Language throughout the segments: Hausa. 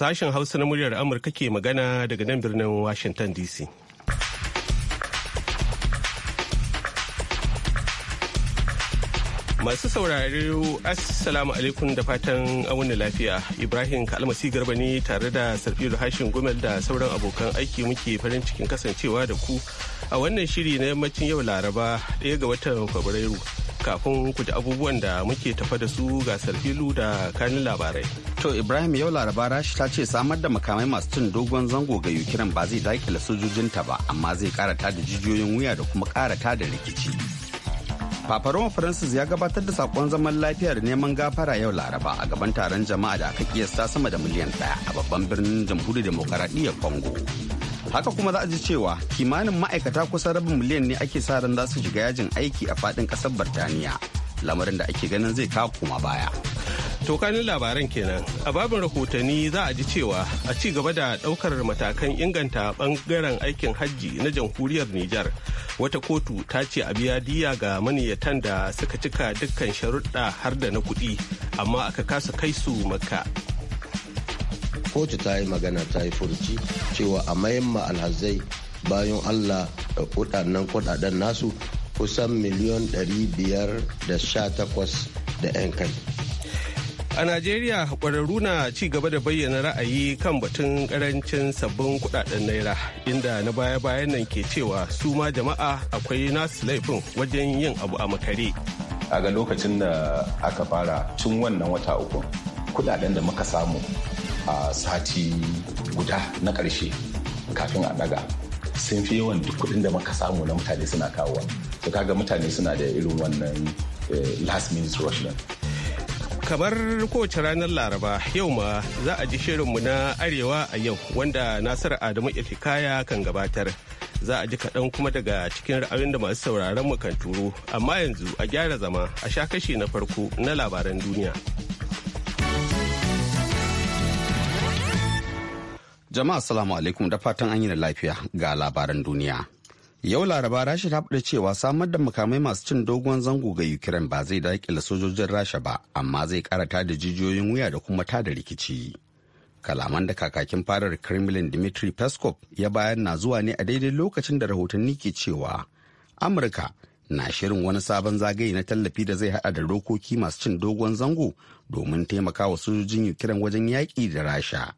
Sashen Hausa na muryar Amurka ke magana daga nan birnin Washington DC. Masu saurare Assalamu alaikum da fatan auni lafiya. Ibrahim Kalmasi Garba ne tare da Sarfiru Hashin Gumel da sauran abokan aiki muke farin cikin kasancewa da ku a wannan shiri na yammacin yau Laraba ɗaya ga watan Fabrairu. kafin ku ji abubuwan da muke tafa da su ga sarfilu da kanin labarai. To Ibrahim yau laraba rashi ta ce samar da makamai masu cin dogon zango ga Ukraine ba zai dakile sojojinta ba amma zai karata da jijiyoyin wuya da kuma karata da rikici. Papa Roma Francis ya gabatar da sakon zaman lafiyar neman gafara yau laraba a gaban taron jama'a da aka kiyasta sama da miliyan ɗaya a babban birnin jamhuriyar demokaradiyyar Congo. haka kuma za a ji cewa kimanin ma'aikata kusan rabin miliyan ne ake sa ran za su shiga yajin aiki a faɗin ƙasar birtaniya lamarin da ake ganin zai kawo koma baya to kanin labaran kenan a babin rahotanni za a ji cewa a ci gaba da ɗaukar matakan inganta ɓangaren aikin hajji na jamhuriyar nijar wata kotu ta ce a biya diya ga maniyatan da suka cika dukkan sharuɗa har da na kuɗi amma aka kasa kai su makka kotu ta yi magana ta yi furci cewa a mayamma alhazai bayan allah da kudannan kudaden nasu kusan miliyon 518 da 'yan kai a najeriya ƙwararru na ci gaba da bayyana ra'ayi kan batun karancin sabbin kudaden naira inda na baya-bayan nan ke cewa su ma jama'a akwai nasu laifin wajen yin abu a makare a ga lokacin da aka fara tun wannan wata uku kudaden da muka samu a sati guda na ƙarshe kafin a ɗaga sun fi yawan duk kuɗin da muka samu na mutane suna kawowa to kaga mutane suna da irin wannan eh, last minute rush kamar kowace ranar laraba yau ma za a ji shirinmu na arewa a yau wanda nasiru adamu ifikaya kan gabatar za a ji kaɗan kuma daga cikin ra'ayoyin da masu sauraron mu kan turo amma yanzu a gyara zama a sha kashi na farko na labaran duniya Jama'a salamu alaikum da fatan an yi da lafiya ga labaran duniya. Yau Laraba Rasha ta faɗa cewa samar da makamai masu cin dogon zango ga Ukraine ba zai daƙila sojojin Rasha ba, amma zai karata da jijiyoyin wuya da kuma tada rikici. Kalaman da kakakin farar Kremlin Dmitry Peskov ya bayar na zuwa ne a daidai lokacin da rahotanni ke cewa Amurka na shirin wani sabon zagaye na tallafi da zai haɗa da rokoki masu cin dogon zango domin taimakawa sojojin Ukraine wajen yaƙi da Rasha.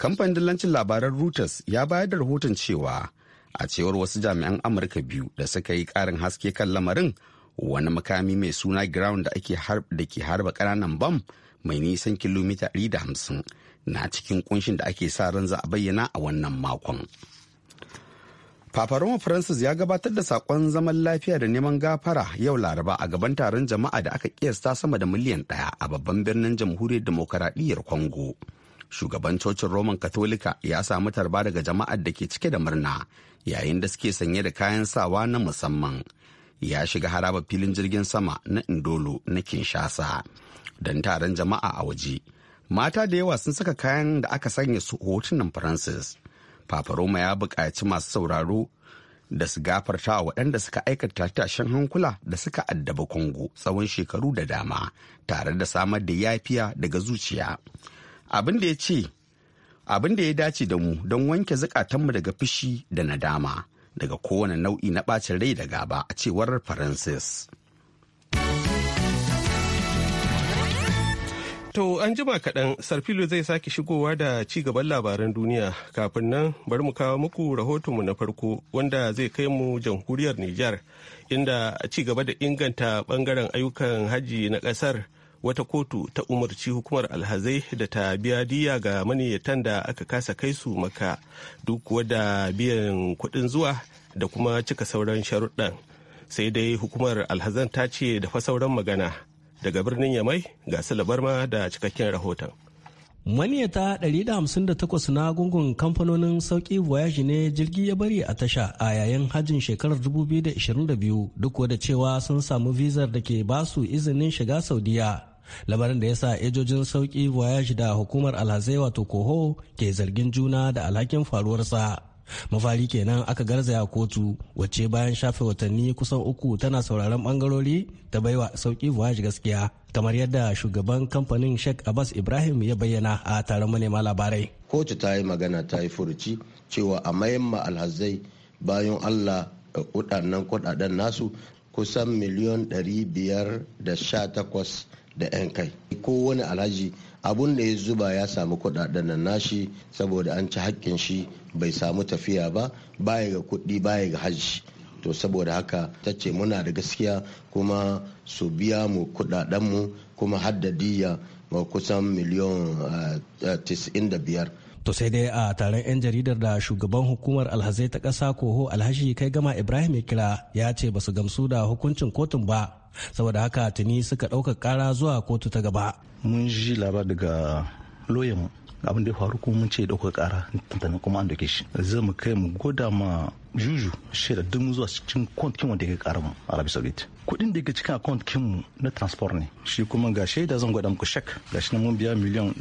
kamfanin dillancin labaran reuters ya bayar da rahoton cewa a cewar wasu jami'an amurka biyu da suka yi karin haske kan lamarin wani makami mai suna ground da ake da ke harba kananan bam mai nisan kilomita 150 na cikin kunshin da ake sa ran za a bayyana a wannan makon Papa Francis ya gabatar da sakon zaman lafiya da neman gafara yau Laraba a gaban taron jama'a da aka kiyasta sama da miliyan ɗaya a babban birnin jamhuriyar demokaradiyyar Congo. shugaban cocin roman katolika ya samu tarba daga jama'ar da ke cike da murna yayin da suke sanye da kayan sawa na musamman ya shiga haraba filin jirgin sama na indolo na kinshasa don taron jama'a a waje mata da yawa sun saka kayan da aka sanya su hotunan francis papa roma ya buƙaci masu sauraro da su gafarta wa waɗanda suka aikata tashin hankula da suka addaba kongo tsawon shekaru da dama tare da samar da yafiya daga zuciya. abin da ya ce abin da ya dace da mu don wanke zukatanmu daga fushi da nadama daga kowane nau'i na bacin rai da gaba a cewar francis To an jima kaɗan Sarfilo zai sake shigowa da ci gaban labaran duniya kafin nan bari mu kawo muku rahotonmu na farko wanda zai kai mu jamhuriyar Nijar inda ci gaba da inganta ɓangaren ayyukan hajji na ƙasar. wata kotu ta umarci hukumar alhazai da ta biya diya ga maniyyatan da aka kasa kai su maka duk wadda biyan kuɗin zuwa da kuma cika sauran sharuɗan sai dai hukumar alhazan ta ce da fa sauran magana daga birnin yamai ga ma da cikakken rahoton maniyata 158 na gungun kamfanonin sauki voyage ne jirgi ya bari a tasha a yayin hajjin shekarar 2022 duk da cewa sun samu vizar da ke basu izinin shiga saudiya labarin da ya sa ejojin sauki voyage da hukumar alhazai wato koho ke zargin juna da alhakin faruwarsa mafari kenan aka garzaya kotu wacce bayan shafe watanni kusan uku tana sauraron bangarori ta baiwa sauki voyage gaskiya kamar yadda shugaban kamfanin sheikh abbas ibrahim ya bayyana a taron manema labarai kotu ta yi magana ta yi furuci cewa a mayan alhazai bayan allah kudaden nasu kusan miliyon 518 da 'yan kai ko wani alhaji abun da ya zuba ya samu kudaden nan nashi saboda an ci hakkin shi bai samu tafiya ba baya ga kuɗi baya ga hajji to saboda haka ta ce muna da gaskiya kuma su biya mu mu kuma haddadiya ma kusan miliyan eh, eh, biyar. to sai dai a taron 'yan jaridar da shugaban hukumar alhazai ta ƙasa koho alhashi kai gama ibrahim ya kira ya ce ba su gamsu da hukuncin kotun ba saboda haka tuni suka ɗaukar ƙara zuwa kotu ta gaba mun ji labar daga loyan abin da ya faru kuma mun ce ɗaukar ƙara tantanin kuma an dake shi zai mu kai mu goda ma juju shaida duk mu zuwa cikin account kinmu da ƙara mu arabi saudit kuɗin da yake cikin account mu na transport ne shi kuma ga shaida zan gwada muku shek ga shi mun biya miliyan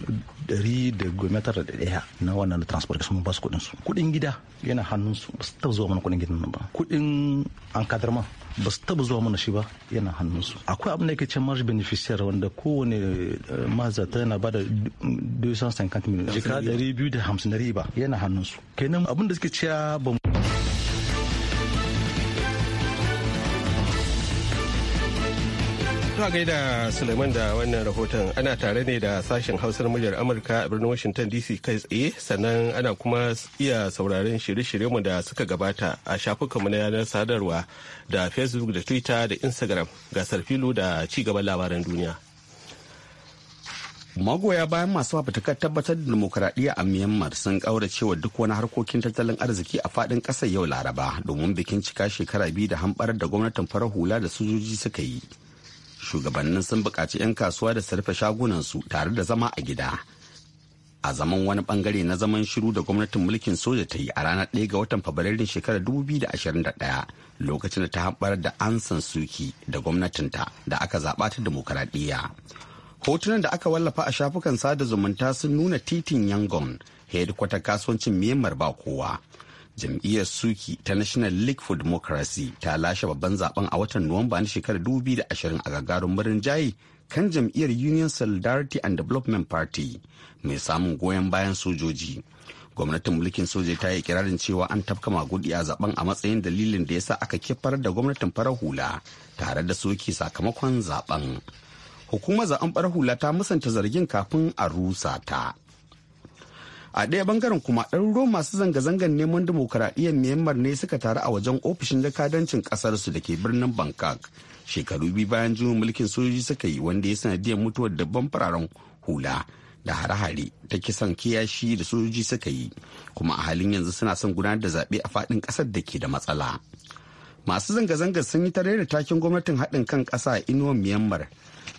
ɗari da tara da ɗaya na wannan na transport sun ba su kuɗin su kuɗin gida yana hannun su ba su taɓa zuwa mana kuɗin gidan nan ba kuɗin an kadarma ba su taba zuwa mana shi ba yana hannunsu akwai abin da yake ce marge beneficiary wanda kowane eh, mazata yana ba da 250 miliyan jika 250 riba yana hannunsu kenan abin da suke cewa ba a gaida Suleiman da wannan rahoton ana tare ne da sashen hausar muryar Amurka a birnin Washington DC kai tsaye sannan ana kuma iya sauraron shirye-shiryenmu da suka gabata a shafukanmu na yanar sadarwa da Facebook da Twitter da Instagram ga filo da ci gaban labaran duniya. magoya bayan masu fafutukar tabbatar da demokuraɗiyya a myanmar sun cewa duk wani harkokin tattalin arziki a faɗin ƙasar yau laraba domin bikin cika shekara biyu da hamɓarar da gwamnatin farar hula da sojoji suka yi shugabannin sun buƙaci 'yan kasuwa da su rufe shagunansu tare da zama a gida a zaman wani bangare na zaman shiru da gwamnatin mulkin soja ta yi a ranar 1 ga watan fabrairun shekarar 2021 lokacin da ta haɓar da ansan suki da gwamnatinta da aka zaɓa ta demokaradiyya hotunan da aka wallafa a shafukan sada zumunta sun nuna titin yangon hedikwatar kasuwancin myanmar ba kowa jam'iyyar suki ta national league for democracy ta lashe babban zaben a watan nuwamba na shekarar 2020 a murin jayi kan jam'iyyar union solidarity and development party mai samun goyon bayan sojoji gwamnatin mulkin soja ta yi kirarin cewa an tafka magudi a zaben a matsayin dalilin da ya sa aka kifar da gwamnatin farar hula tare da soki sakamakon zaben hukumar zaben farar hula ta musanta zargin kafin a rusa ta a ɗaya bangaren kuma ɗaruruwan masu zanga-zangar neman dimokuraɗiyyar myanmar ne suka taru a wajen ofishin jakadancin ƙasarsu da ke birnin bangkok shekaru biyu bayan juyin mulkin sojoji suka yi wanda ya sanadiyar mutuwar dabban fararen hula da hare-hare ta kisan kiyashi da sojoji suka yi kuma a halin yanzu suna son gudanar da zaɓe a faɗin ƙasar da ke da matsala masu zanga-zangar sun yi tare da takin gwamnatin haɗin kan ƙasa a inuwar myanmar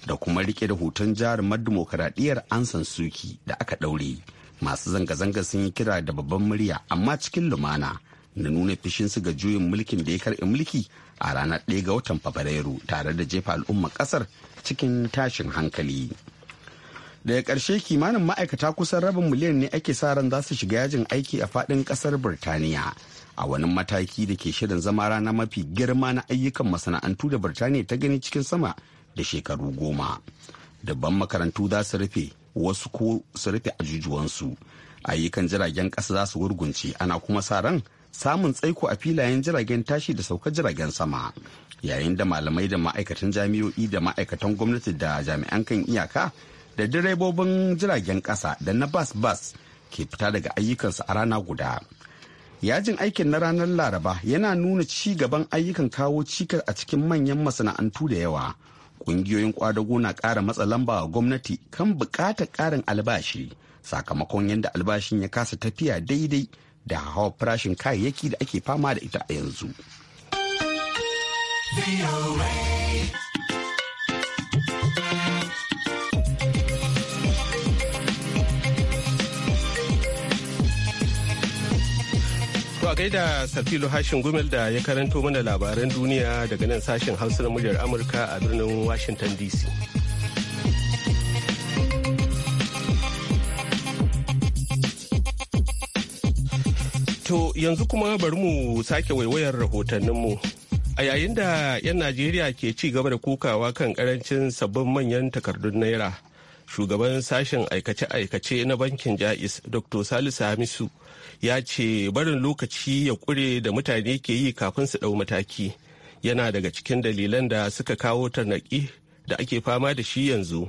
da kuma rike da hoton jarumar dimokuraɗiyyar ansan suki da aka ɗaure masu zanga-zanga sun yi kira da babban murya amma cikin lumana na nuna su ga juyin mulkin da ya karɓi mulki a ranar 1 ga watan fabrairu tare da jefa al'umma ƙasar cikin tashin hankali daga karshe kimanin ma'aikata kusan rabin miliyan ne ake sa ran za su shiga yajin aiki a faɗin ƙasar birtaniya a wani mataki da ke shirin zama rana mafi girma na ayyukan masana'antu da birtaniya ta gani cikin sama da shekaru goma dabban makarantu za su rufe wasu ko su rufe ajujuwansu ayyukan jiragen ƙasa za su gurgunce ana kuma sa ran samun tsaiko a filayen jiragen tashi da saukar jiragen sama yayin da malamai da ma'aikatan jami'o'i da ma'aikatan gwamnati da jami'an kan iyaka da direbobin jiragen ƙasa da na bas bas ke fita daga ayyukansu a rana guda yajin aikin na ranar laraba yana nuna ci gaban ayyukan kawo cikas a cikin manyan masana'antu da yawa kungiyoyin kwadago na ƙara matsa lamba wa gwamnati kan buƙatar ƙarin albashi sakamakon yadda albashin ya kasa tafiya daidai da hawa farashin kayayyaki da ake fama da ita a yanzu. da Safilu Hashin Gumel da ya karanto mana labaran duniya daga nan sashen Hausa na muryar Amurka a birnin Washington DC. To yanzu kuma bari mu sake waiwayar rahotanninmu. A yayin da 'yan Najeriya ke ci gaba da kukawa kan karancin sabbin manyan takardun Naira, shugaban sashen aikace-aikace na bankin Ja'is, Dr. Salisu Hamisu. ya ce barin lokaci ya kure da mutane ke yi kafin su ɗau mataki yana daga cikin dalilan da suka kawo tarnaƙi da ake fama da shi yanzu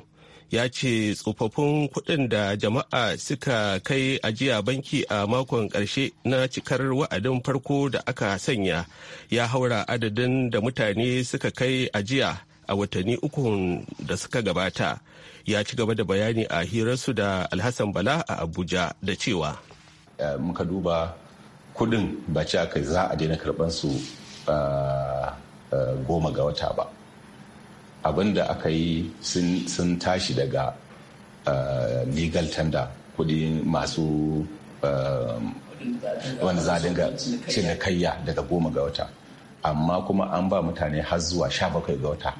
ya ce tsofaffin kuɗin da jama'a suka kai ajiya banki a makon ƙarshe na cikar wa'adin farko da aka sanya ya haura adadin da mutane suka kai ajiya a watanni uku da suka gabata ya ci gaba da bayani a hirarsu da alhassan bala a abuja da cewa Eh, muka duba kudin ba ce aka za a daina karban su ah, eh, goma ga wata ba abinda aka yi sun tashi daga eh, legal tender kudi masu wani za cinikayya daga goma ga wata amma kuma an ba mutane har zuwa sha bakwai ga wata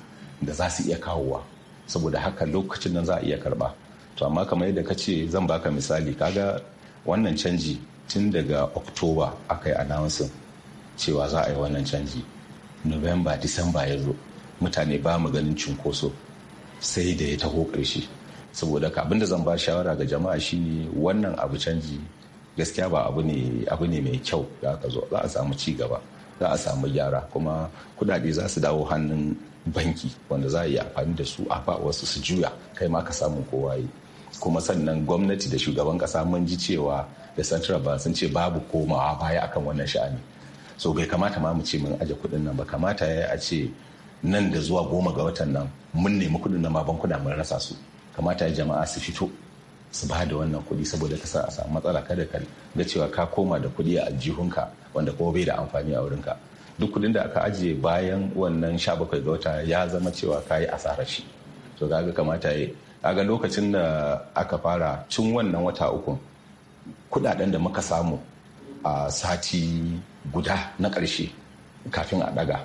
da za su iya kawowa saboda haka lokacin nan za a iya karba to amma kamar yadda ka ce zan baka misali kaga wannan canji tun daga oktoba aka yi announcing cewa za a yi wannan canji november disamba ya zo mutane ba mu ganin cunkoso sai da ya taho ƙarshe saboda ka abinda zan ba shawara ga jama'a shine wannan abu canji gaskiya ba abu ne mai kyau da aka zo za a samu ci gaba za a samu gyara kuma kudade za su dawo hannun banki wanda za a yi amfani da su a ba wasu su juya kai ma ka samu kowa yi kuma sannan gwamnati da shugaban kasa mun ji cewa da central bank sun ce babu komawa baya akan wannan sha'ani so bai kamata ma mu ce mun aje kuɗin nan ba kamata ya a ce nan da zuwa goma ga watan nan mun nemi kuɗin nan ma bankuna mun rasa su kamata ya jama'a su fito su ba da wannan kuɗi saboda ka sa a samu matsala kada ka ga cewa ka koma da kuɗi a aljihunka wanda kuma bai da amfani a wurinka duk kuɗin da aka ajiye bayan wannan sha bakwai ga wata ya zama cewa ka yi asarar shi to kaga kamata ya ga lokacin da aka fara cin wannan wata uku kudaden da muka samu a sati guda na ƙarshe kafin a daga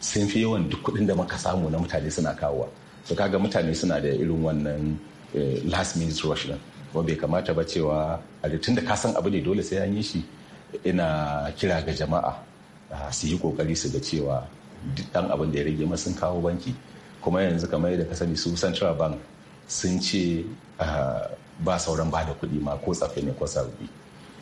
sun fi yawan duk kudin da muka samu na mutane suna kawowa su kaga mutane suna da irin wannan eh, last minute rush din kuma bai kamata ba cewa a tun da san abu ne dole sai an yi shi ina kira ga jama'a su yi kokari su ga cewa duk dan abin da ya rage sun kawo banki kuma yanzu kamar da ka sani su central bank sun ce ah, ba sauran ba da kuɗi ma ko tsafe ne ko sabbi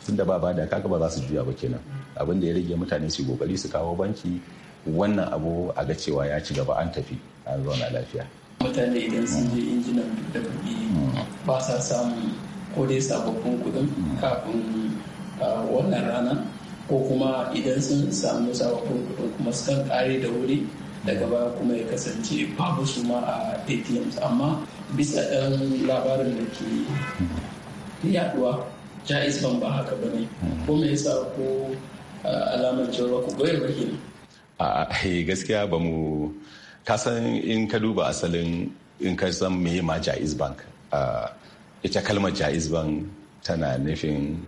tunda ba ba da kaga ba za su juya ba kenan abin da ya rage mutane su kokari su kawo banki wannan abu a ga cewa ya ci gaba an tafi an zauna lafiya mutane idan sun je injinan da kuɗi ba sa samun ko dai sababbin kuɗin kafin ah, wannan rana ko kuma idan sun samu sababbin kuɗin kuma sukan kare da wuri daga baya kuma ya kasance babu su ma a atms amma bisa ɗan labarin da ke yaduwa ja'is ban ba haka ba ne ko me yasa ko alamar cewa ku goyar ba kenan a eh, gaskiya ba mu kasan in ka duba asalin in ka san me ma jaiz bank ita kalmar jaiz bank tana nufin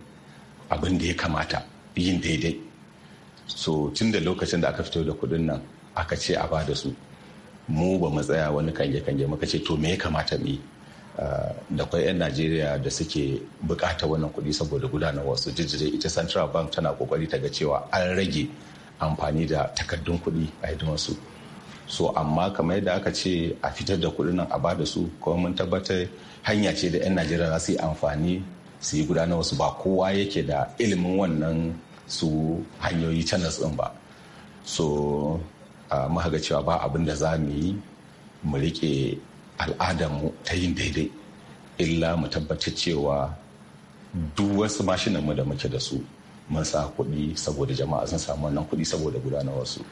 abin da ya kamata yin daidai so tun da lokacin da aka fito da kudin nan aka ce a bada su mu ba mu tsaya wani kange-kange muka ce to me ya kamata mu yi ah, da kwai 'yan najeriya da suke bukata wannan kuɗi saboda gudanar wasu jijjire ita central bank tana kokari ta ga cewa an rage amfani da takardun kuɗi a hidimarsu so amma kamar yadda aka ce a fitar da kuɗin nan a bada su kuma mun tabbatar hanya ce da 'yan najeriya za su yi amfani su yi gudanar wasu ba kowa yake da ilimin wannan su hanyoyi channels ɗin ba so muka ga cewa ba abin da za mu yi mu riƙe al'adarmu ta yin daidai illa mu tabbatar cewa duk wasu mashinanmu da muke da su mun sa kuɗi saboda jama'a sun samu wannan kuɗi saboda wasu.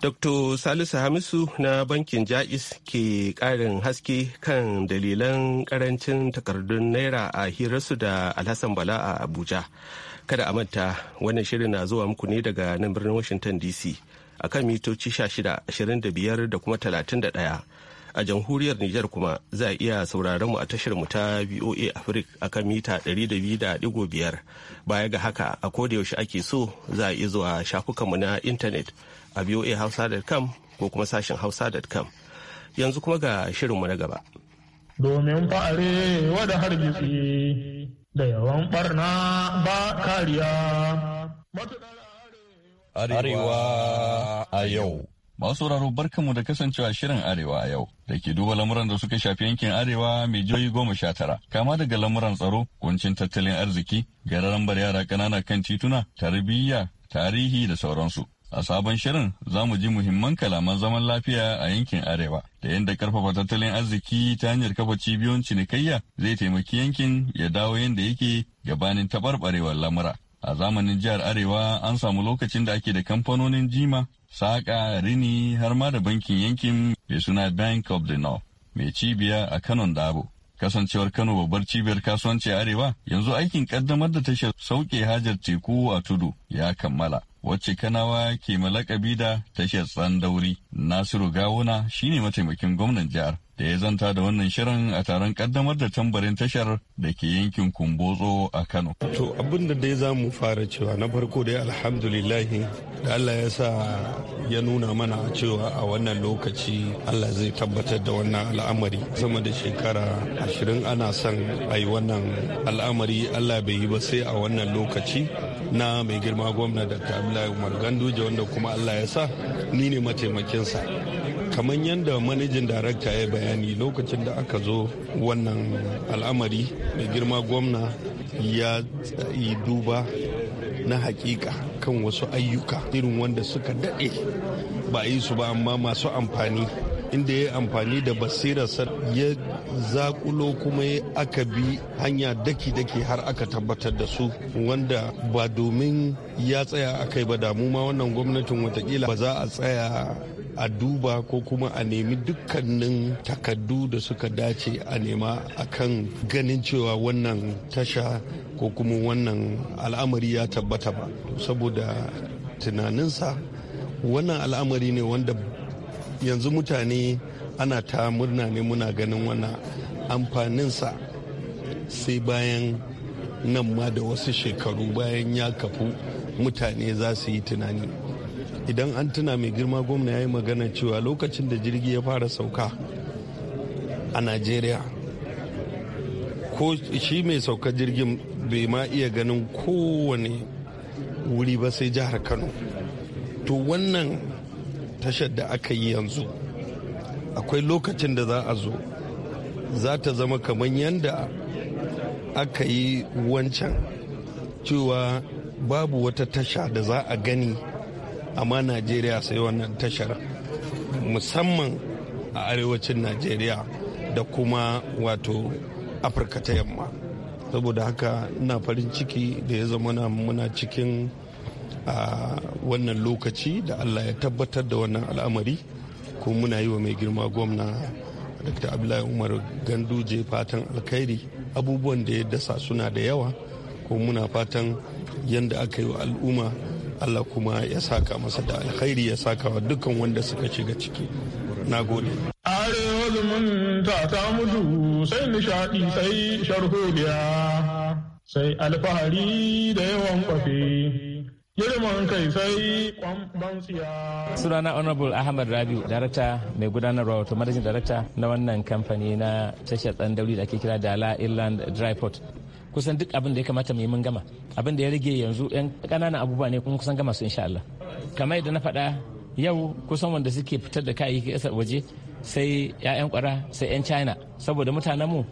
Dr. Salisu Hamisu na bankin Ja'is ke ƙarin haske kan dalilan ƙarancin takardun Naira a hirarsu da Alhassan Bala a Abuja. Kada a manta wannan shirin na zuwa muku ne daga nan birnin Washington DC. a kan mitoci 16,25 da kuma 31. a jamhuriyar Nijar kuma za a iya sauraron mu a tashar mu ta VOA Africa akan mita 200.5 baya ga haka a koda yaushe ake so za a iya zuwa shafukan mu na intanet a voahausa.com ko kuma sashin hausa.com yanzu kuma ga shirin mu na gaba domin fa'are wada wa da yawan barna ba kariya Arewa a yau. Masu sauraro barkanmu da kasancewa shirin Arewa a yau da ke duba lamuran da suka shafi yankin Arewa mai joyi goma sha tara. Kama daga lamuran tsaro, kuncin tattalin arziki, gararan bar yara ƙanana kan tituna, tarbiyya, tarihi da sauransu. A sabon shirin za mu ji muhimman kalaman zaman lafiya a yankin Arewa da yadda karfafa tattalin arziki ta hanyar kafa cibiyoyin cinikayya zai taimaki yankin ya dawo yadda yake gabanin taɓarɓarewar lamura. A zamanin jihar Arewa an samu lokacin da ake da kamfanonin jima, saƙa, rini har ma da bankin yankin mai suna Bank of the North mai cibiya a Kanon Dabo. Kasancewar Kano babbar cibiyar kasuwanci Arewa yanzu aikin kaddamar da tashar sauke hajar teku a tudu ya kammala. Wacce kanawa ke malakabi da tashar tsandauri. Nasiru Gawuna shine mataimakin gwamnan jihar. da ya zanta da wannan shirin a taron kaddamar da tambarin tashar da ke yankin kumbotso a kano to abin da dai za mu fara cewa na farko dai alhamdulillahi da allah ya sa ya nuna mana cewa a wannan lokaci allah zai tabbatar da wannan al'amari sama da shekara ashirin ana son a yi wannan al'amari allah bai yi ba sai a wannan lokaci na mai girma gwamna da abdullahi umar ganduje wanda kuma allah ya sa ni ne mataimakinsa kamar yadda manajin darakta ya bayani lokacin da aka zo wannan al'amari mai girma gwamna ya yi duba na hakika kan wasu ayyuka irin wanda suka daɗe ba yi su ba amma masu amfani inda ya amfani da basirarsa ya zakulo kuma ya aka bi hanya daki-daki har aka tabbatar da su wanda ba domin ya tsaya a kai ba damu ma wannan gwamnatin watakila ba za a tsaya a duba ko kuma a nemi dukkanin takardu da suka dace a nema a kan ganin cewa wannan tasha ko kuma wannan al'amari ya tabbata ba saboda tunaninsa wannan al'amari ne wanda yanzu mutane ana ta murna ne muna ganin wannan amfaninsa sai bayan nan ma da wasu shekaru bayan ya kafu mutane za su yi tunani idan an tuna mai girma gwamna ya yi magana cewa lokacin da jirgi ya fara sauka a najeriya ko shi mai sauka jirgin bai ma iya ganin kowane wuri ba sai jihar kano to wannan tashar da aka yi yanzu akwai lokacin da za a zo za ta zama kamar yadda aka yi wancan cewa babu wata tasha da za a gani amma najeriya sai wannan tashar musamman a arewacin najeriya da kuma wato afirka ta yamma saboda haka ina farin ciki da ya zama muna cikin a wannan lokaci da allah ya tabbatar da wannan al'amari ko muna yi wa mai girma gwamna dr abdullahi umar ganduje fatan alkhairi abubuwan da ya dasa suna da yawa ko muna fatan yadda aka yi wa al'umma Allah kuma ya saka masa da alkhairi ya saka wa dukkan wanda suka shiga ciki na gode arewa zumunta ta mutu sai nishaɗi sai sharholiya sai alfahari da yawan kwafe girman kai sai sunana honorable ahmad rabiu darata mai gudanarwa wato managing darakta na wannan kamfani na tashar dan dauri da ake kira dala inland dry port kusan duk abin da ya kamata mu yi mun gama abin da ya rage yanzu yan ƙananan abubuwa ne kuma kusan gama su insha Allah kamar yadda na faɗa yau kusan wanda suke fitar da kayayyaki ƙasar waje sai 'ya'yan kwara sai 'yan china saboda mutanenmu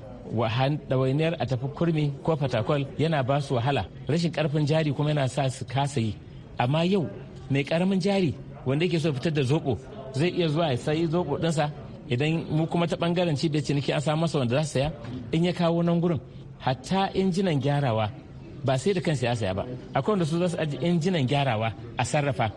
dawainiyar a tafi kurmi ko fatakol yana ba su wahala rashin karfin jari kuma yana sa su kasa yi amma yau mai karamin jari wanda yake so fitar da zobo zai iya zuwa ya sayi zobo ɗinsa idan mu kuma ta bangaren cibiyar ciniki an samu masa wanda za su saya in ya kawo nan gurin hatta injinan gyarawa ba sai da kan siyasa ba akwai wanda su za su aji injinan gyarawa a sarrafa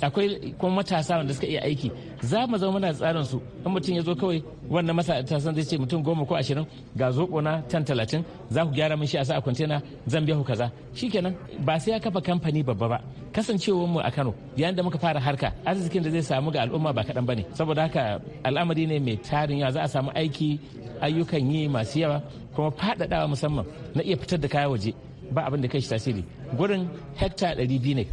akwai kuma matasa wanda suka iya aiki za mu zama muna tsarin su in mutum ya zo kawai wannan matasa zai ce mutum goma ko ashirin ga zoɓo na tan talatin za ku gyara min shi a sa a kwantena zan biya ku kaza shikenan ba sai ya kafa kamfani babba ba kasancewar mu a Kano yayin da muka fara harka arzikin da zai samu ga al'umma ba kaɗan ne saboda haka al'amari ne mai tarin yawa za a samu aiki ayyukan yi masu yawa kuma faɗaɗawa musamman na iya fitar da kaya waje ba abin da kai shi tasiri gurin hekta ɗari biyu ne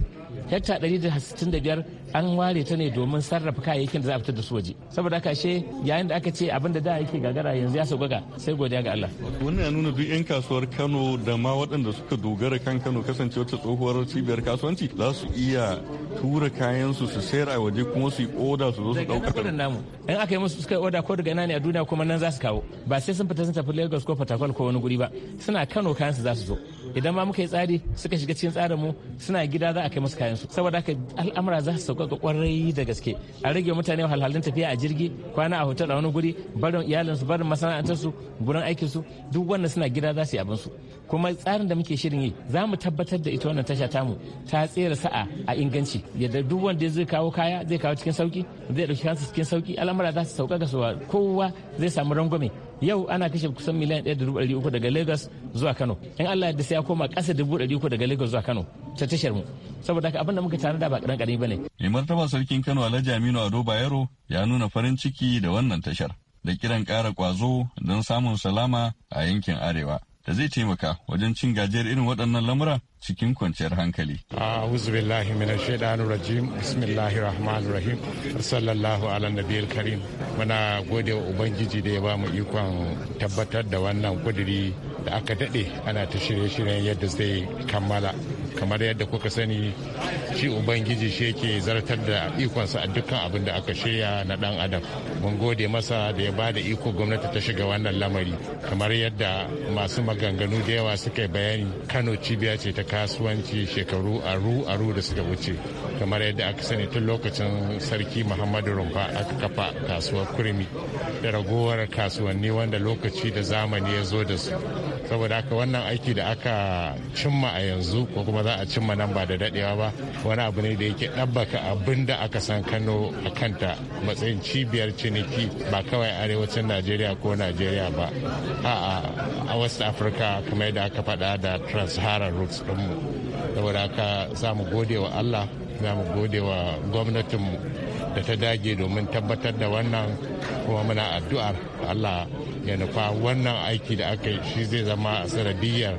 hekta 165 an ware ta ne domin sarrafa kayayyakin da za a fitar da su waje saboda haka she yayin da aka ce abin da da yake gagara yanzu ya sauƙaƙa sai godiya ga Allah wannan ya nuna duk yan kasuwar Kano da ma waɗanda suka dogara kan Kano kasancewar ta tsohuwar cibiyar kasuwanci za su iya tura kayan su sayar a waje kuma su yi oda su zo su dauka da namu in aka yi musu suka oda ko daga nan ne a duniya kuma nan za su kawo ba sai sun fita sun tafi Lagos ko Port ko wani guri ba suna Kano kayan su za su zo idan ma muka yi tsari suka shiga cikin tsarin mu suna gida za a kai musu kayan su saboda haka al'amura za su sauƙaƙa kwarai da gaske a rage mutane halhalin tafiya a jirgi kwana a hotel a wani guri barin iyalinsu barin masana'antarsu gurin aikinsu duk wannan suna gida za su yi abinsu kuma tsarin da muke shirin yi za mu tabbatar da ita wannan tasha tamu ta tsere sa'a a inganci yadda duk wanda zai kawo kaya zai kawo cikin sauki zai ɗauki kansa cikin sauki al'amura za su sauka ga kowa zai samu rangwame yau ana kashe kusan miliyan ɗaya da daga lagos zuwa kano in allah ya sai ya koma kasa dubu ɗari uku daga lagos zuwa kano ta tashar mu saboda haka abinda muka tare da ba ƙaran ƙarami ba ne. mai martaba sarkin kano alhaji aminu ado bayero ya nuna farin ciki da wannan tashar da kiran kara kwazo don samun salama a yankin arewa da zai taimaka wajen cin gajiyar irin waɗannan lamura cikin kwanciyar hankali. A'udhu billahi minash shaitanir rajim. Bismillahir rahmanir rahim. Sallallahu ala nabiyil karim. Muna gode wa ubangiji da ya ba mu ikon tabbatar da wannan kuduri da aka dade ana ta shirye-shiryen yadda zai kammala. kamar yadda kuka sani shi ubangiji shi yake zartar da ikonsa a dukkan abin da aka shirya na dan adam mun gode masa da ya bada iko gwamnati ta shiga wannan lamari kamar yadda masu maganganu da yawa suka bayani kano cibiya ce ta kasuwanci shekaru aru aru da suka wuce kamar yadda aka sani tun lokacin sarki muhammadu rumfa aka kafa kasuwar kurmi da ragowar kasuwanni wanda lokaci da zamani ya zo da su saboda aka wannan aiki da aka cimma a yanzu ko kuma za a cimma nan ba da dadewa ba wani abu ne da yake ɗabbaka abin da aka san kano a kanta matsayin cibiyar ciniki ba kawai arewacin najeriya ko najeriya ba a west africa kamar yadda aka faɗa da transharan saharan roots ɗinmu saboda aka za mu gode wa allah za mu gode wa gwamnatinmu da ta dage domin tabbatar da wannan kuma muna addu'ar allah ya nufa wannan aiki da aka yi shi zai zama sanadiyar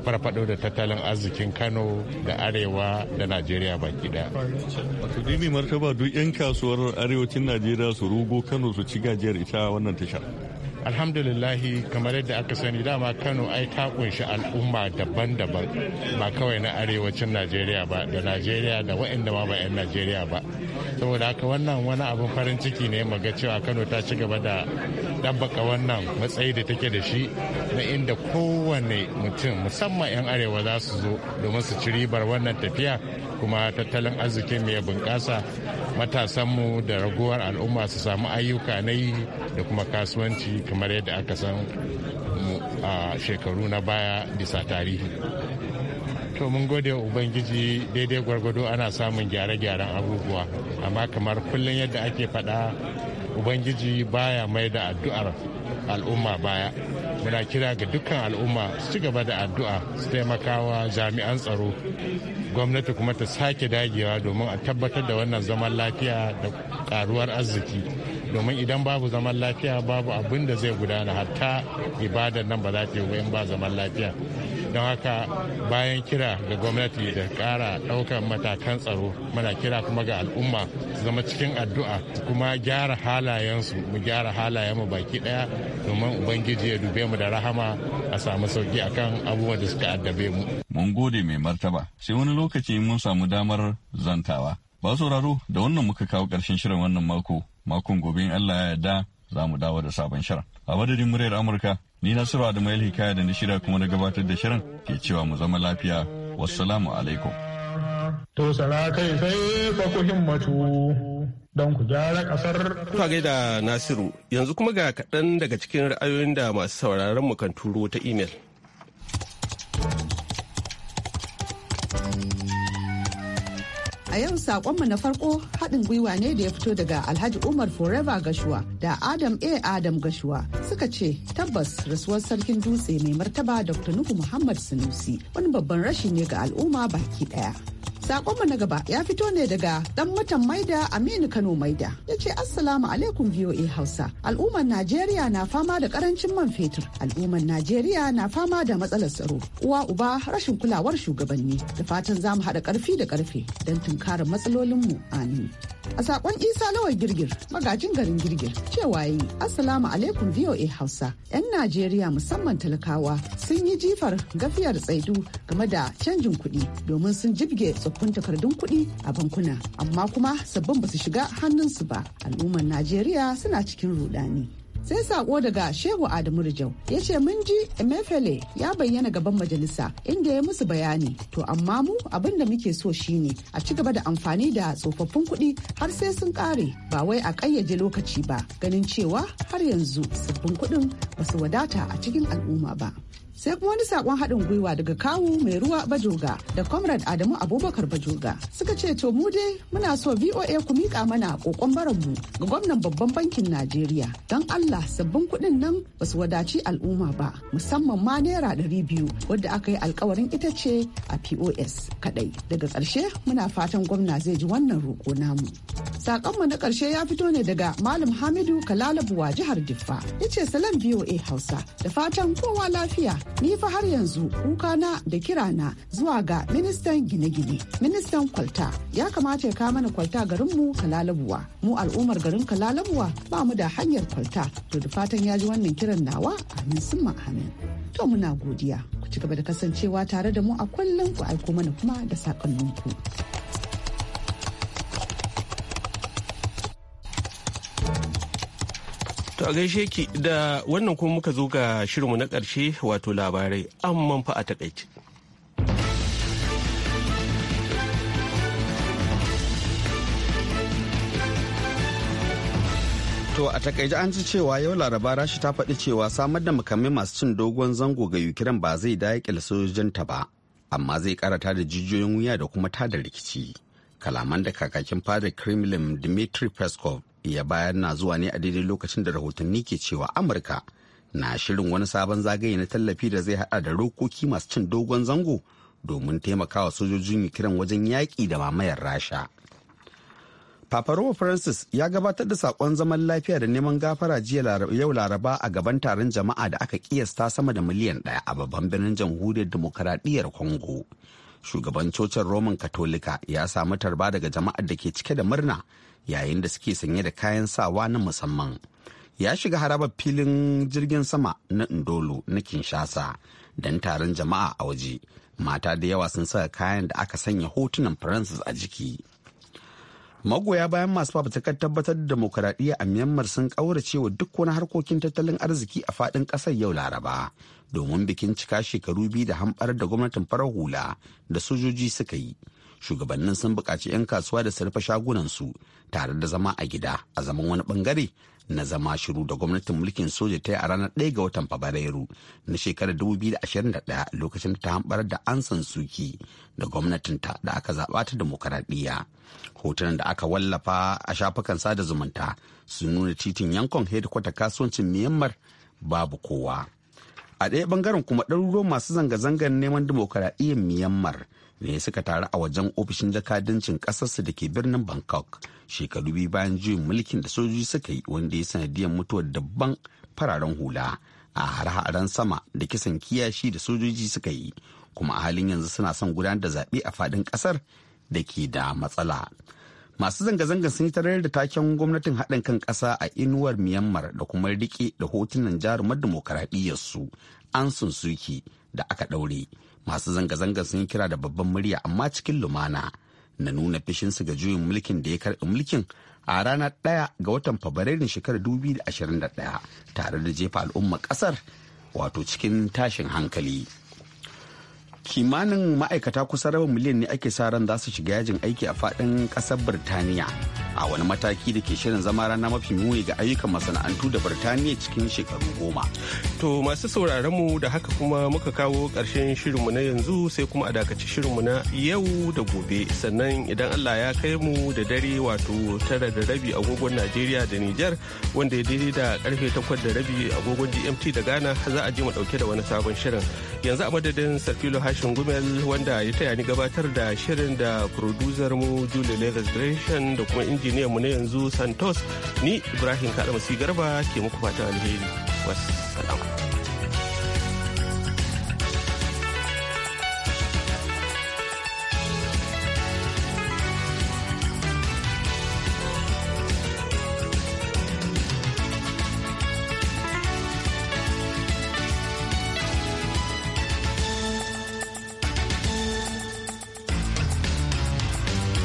farfado da tattalin arzikin kano da arewa da najeriya baki daya wato dini martaba duk yan kasuwar arewacin najeriya su rugo kano su ci gajiyar ita wannan tashar alhamdulillahi kamar yadda aka sani dama kano ai ta kunshi al'umma daban-daban ba kawai na arewacin najeriya ba da najeriya da waɗanda ma ba 'yan najeriya ba saboda haka wannan wani abin farin ciki ne ga cewa kano ta ci gaba da ɗabbaka wannan matsayi da take da shi na inda kowane mutum musamman 'yan arewa za su zo domin su ci ribar wannan tafiya kuma tattalin arzikin mai bunƙasa matasanmu da raguwar al'umma su samu ayyuka na yi da kuma kasuwanci kamar yadda aka san a shekaru na baya bisa tarihi to mun gode ubangiji daidai gwargwado ana samun gyare-gyaren abubuwa amma kamar kullum yadda ake faɗa ubangiji baya mai da addu'ar al'umma baya muna kira ga dukkan al'umma su ci gaba da addu'a su taimakawa jami'an tsaro gwamnati kuma ta sake dagewa domin a tabbatar da wannan zaman lafiya da karuwar arziki domin idan babu zaman lafiya babu abin da zai gudana hatta ibadar nan ba za ta yi in ba zaman lafiya don haka bayan kira ga gwamnati da kara daukan matakan tsaro mana kira kuma ga al'umma su zama cikin addu'a kuma gyara halayensu mu gyara halayen mu baki daya domin ubangiji ya dube mu da rahama a samu sauki akan abubuwan da suka addabe mu mun gode mai martaba sai wani lokaci mun samu damar zantawa Ba sauraro da wannan muka kawo ƙarshen shirin wannan mako, makon gobe in Allah ya yarda za mu dawo da sabon shirin. A madadin muryar Amurka, ni na Sura da Mail Hikaya da nishira kuma na gabatar da shirin ke cewa mu zama lafiya. Wassalamu alaikum. To sala kai sai fa ku himmatu don ku gyara kasar. Kuka gaida Nasiru, yanzu kuma ga kaɗan daga cikin ra'ayoyin da masu sauraron mu kan turo ta imel. A yau sakonmu na farko haɗin gwiwa ne da ya fito daga Alhaji Umar Forever Gashuwa da Adam A. Adam Gashuwa suka ce tabbas rasuwar sarkin dutse mai martaba Dr. Nuhu Muhammad Sanusi wani babban rashi ne ga al'umma baki ɗaya. Sakonmu na gaba ya fito ne daga dan watan Maida Aminu Kano Maida. Ya ce Assalamu alaikum VOA Hausa. Al'ummar Najeriya na fama da ƙarancin man fetur. Al'ummar Najeriya na fama da matsalar tsaro. Uwa uba rashin kulawar shugabanni. Da fatan za mu haɗa ƙarfi da ƙarfe don tunkarar matsalolinmu. Amin. A sakon Isa Lawal Girgir, magajin garin Girgir, cewa yi, Assalamu alaikum VOA Hausa. 'Yan Najeriya musamman talakawa sun yi jifar gafiyar tsaidu game da canjin kuɗi domin sun jibge tsoffin takardun kuɗi a bankuna, amma kuma sabbin basu su shiga hannunsu ba. Al'ummar Najeriya suna cikin rudani. sai sako daga shehu adamu rijau ya ce mun ji emefele ya bayyana gaban majalisa inda ya musu bayani to amma mu abin da muke so shine a ci gaba da amfani da tsofaffin kuɗi har sai sun ƙare ba wai a ƙayyade lokaci ba ganin cewa har yanzu sabbin kuɗin ba su wadata a cikin al'umma ba. sai kuma wani sakon haɗin gwiwa daga kawu mai ruwa bajoga da comrade adamu abubakar bajoga suka ce to mu dai muna so voa ku miƙa mana kokon baranmu ga gwamnan babban bankin najeriya don allah sabbin kuɗin nan ba su wadaci al'umma ba musamman ma naira ɗari biyu wadda aka yi alkawarin ita ce a pos kaɗai daga ƙarshe muna fatan gwamna zai ji wannan roƙo namu sakonmu na ƙarshe ya fito ne daga malam hamidu kalalabuwa jihar diffa ya ce salam voa hausa da fatan kowa lafiya Ni fa har yanzu kukana da na zuwa ga ministan gine-gine, ministan kwalta ya kamata ya kawo mana kwalta garinmu Kalalabuwa. Mu al'ummar garin Kalalabuwa ba mu da hanyar kwalta. To da fatan ya ji wannan kiran nawa amin sun ma'amin. To muna godiya. Ku ci gaba da kasancewa tare da mu a kullum ku aiko mana kuma da saƙonninku. To a gaishe ki da wannan kuma muka zo ga shirinmu na ƙarshe wato labarai amman fa a takaice. To a takaice an ci cewa yau laraba rashi ta faɗi cewa samar da makamai masu cin dogon zango ga yukiran ba zai da sojojinta ba, amma zai karata da jijiyoyin wuya da kuma tada rikici. Kalaman da kakakin fadar Kremlin Dmitry Peskov ya bayan na zuwa ne a daidai lokacin da rahotanni ke cewa amurka na shirin wani sabon zagaye na tallafi da zai hada da rokoki masu cin dogon zango domin taimakawa sojojin ukraine wajen yaƙi da mamayar rasha Papa Roma Francis ya gabatar da saƙon zaman lafiya da neman gafara jiya yau laraba a gaban taron jama'a da aka kiyasta sama da miliyan ɗaya a babban birnin jamhuriyar demokaradiyyar Congo. shugaban cocin roman katolika ya samu tarba daga jama'ar da ke cike da murna yayin da suke sanye da kayan sawa na musamman ya shiga harabar filin jirgin sama na ndolo na kinshasa don taron jama'a a waje mata da yawa sun saka kayan da aka sanya hotunan francis a jiki magoya bayan masu fafutukar tabbatar da demokuraɗiyya a myanmar sun ƙaurace wa duk wani harkokin tattalin arziki a faɗin ƙasar yau laraba domin bikin cika shekaru biyu da hamɓar da gwamnatin farar hula da sojoji suka yi shugabannin sun buƙaci 'yan kasuwa da su rufe shagunansu tare da zama a gida a zaman wani ɓangare na zama shiru da gwamnatin mulkin soja ta yi a ranar 1 ga watan fabrairu na shekarar 2021 lokacin ta hambar da ansan suki da gwamnatinta da aka zaɓa ta demokaradiyya hotunan da aka wallafa a shafukan sada zumunta sun nuna titin yankon hedikwata kasuwancin myanmar babu kowa a ɗaya bangaren kuma ɗaruruwan masu zanga-zangar neman dimokuraɗiyyar myanmar ne suka taru a wajen ofishin jakadancin ƙasarsu da ke birnin bangkok shekaru biyu bayan juyin mulkin da sojoji suka yi wanda ya sanadiyar mutuwar dabban fararen hula a har-haren sama da kisan kiyashi da sojoji suka yi kuma a halin yanzu suna son gudanar da zaɓe a faɗin ƙasar da ke da matsala masu zanga-zanga sun yi tarayyar da taken gwamnatin haɗin kan ƙasa a inuwar myanmar da kuma riƙe da hotunan jarumar demokaradiyyarsu an sun suki da aka ɗaure masu zanga-zanga sun yi kira da babban murya amma cikin lumana na nuna fishinsu ga juyin mulkin da ya karɓi mulkin a ranar ɗaya ga watan fabrairun da ɗaya tare da jefa al'umma ƙasar wato cikin tashin hankali. kimanin ma'aikata kusa rabin miliyan ne ake sa ran za su shiga yajin aiki a faɗin ƙasar birtaniya a wani mataki da ke shirin zama rana mafi muni ga ayyukan masana'antu da birtaniya cikin shekaru goma to masu sauraron mu da haka kuma muka kawo ƙarshen shirinmu na yanzu sai kuma a dakaci shirinmu na yau da gobe sannan idan allah ya kai mu da dare wato tara da rabi agogon najeriya da niger wanda ya daidai da karfe takwas da rabi agogon gmt da ghana za a je mu ɗauke da wani sabon shirin yanzu a madadin sarfilo hashin gumel wanda ya taya ni gabatar da shirin da producer mu julie leathers direction da kuma injiniyan mu na yanzu santos ni ibrahim kaɗa garba ke muku fatan alheri wasu